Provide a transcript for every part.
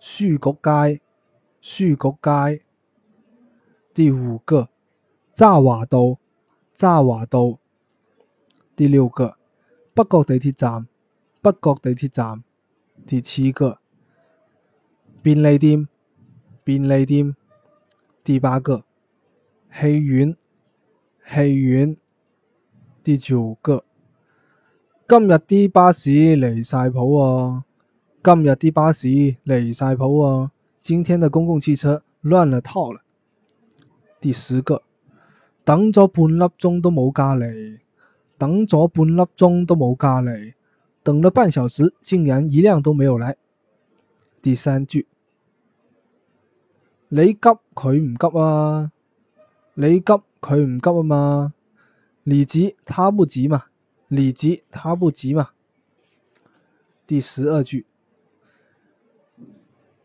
書局街，書局街。第五個，渣華道，渣華道。第六個，北角地鐵站，北角地鐵站。第七個，便利店，便利店。第八個，戲院，戲院。第九個，今日啲巴士嚟晒譜喎。今日啲巴士離晒譜啊！今天的公共汽車亂了套了。第十個，等咗半粒鐘都冇架嚟，等咗半粒鐘都冇架嚟，等了半小時竟然一輛都沒有來。第三句，你急佢唔急啊？你急佢唔急啊嘛？你急他不急嘛？你急他不急嘛？第十二句。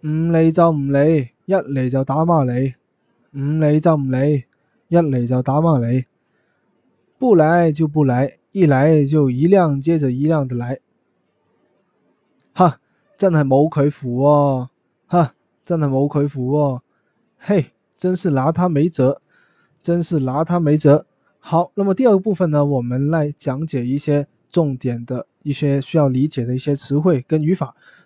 唔、嗯、嚟就唔嚟，一、嗯、嚟就打孖嚟；唔、嗯、嚟就唔嚟，一、嗯、嚟就打孖嚟、嗯嗯。不來就不來，一嚟就一輛接着一輛的來。哈，真係冇佢符哦！哈，真係冇佢符哦！嘿，真是拿他沒轍，真是拿他沒轍。好，那麼第二個部分呢，我們來講解一些重點的一些需要理解的一些詞彙跟語法。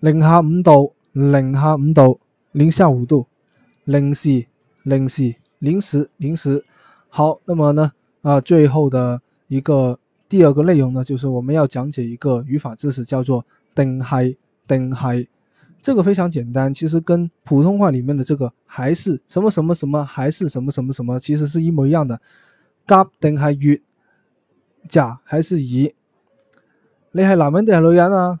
零下五度，零下五度，零下五度，零時，零時，零時，零時。好，那麼呢，啊，最後的一個第二個內容呢，就是我們要講解一個語法知識，叫做定係，定係。這個非常簡單，其實跟普通話裡面的這個還是什麼什麼什麼，還是什麼什麼什麼，其實是一模一樣的。甲定係乙，甲還是乙。你係男人定係女人啊？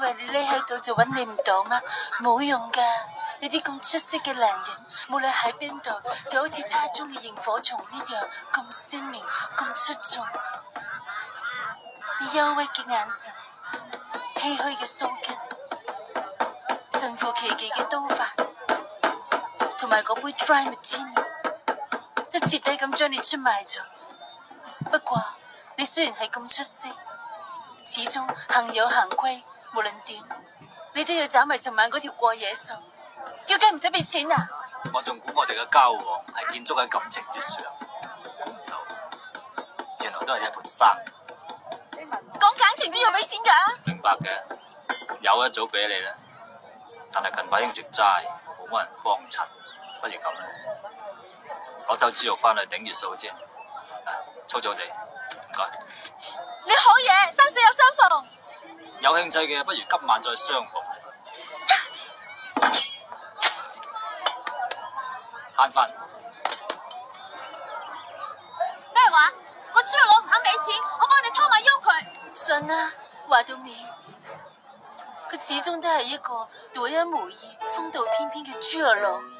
以為你匿喺度就揾你唔到咩？冇用噶，你啲咁出色嘅男人，無論喺邊度，就好似差中嘅螢火蟲一樣咁鮮明、咁出眾。你憂鬱嘅眼神、唏噓嘅鬚根、神乎其技嘅刀法，同埋嗰杯 Dry Martini，都徹底咁將你出賣咗。不過，你雖然係咁出色，始終行有行規。無論點，你都要找埋尋晚嗰條過夜數，要計唔使俾錢啊！我仲估我哋嘅交往係建築喺感情之上，諗唔到，原來都係一盤沙。講感情都要俾錢噶、啊？明白嘅，有一早俾你啦。但係近排應食齋，冇乜人幫襯，不如咁啦，攞走豬肉翻去頂住數先，粗粗地，唔該。你好嘢，山水有相逢。經濟嘅，不如今晚再相逢。啊、限分。咩話？個豬肉佬唔肯俾錢，我幫你拖埋喐佢。信啊，話到尾，佢始終都係一個獨一無二、風度翩翩嘅豬肉佬。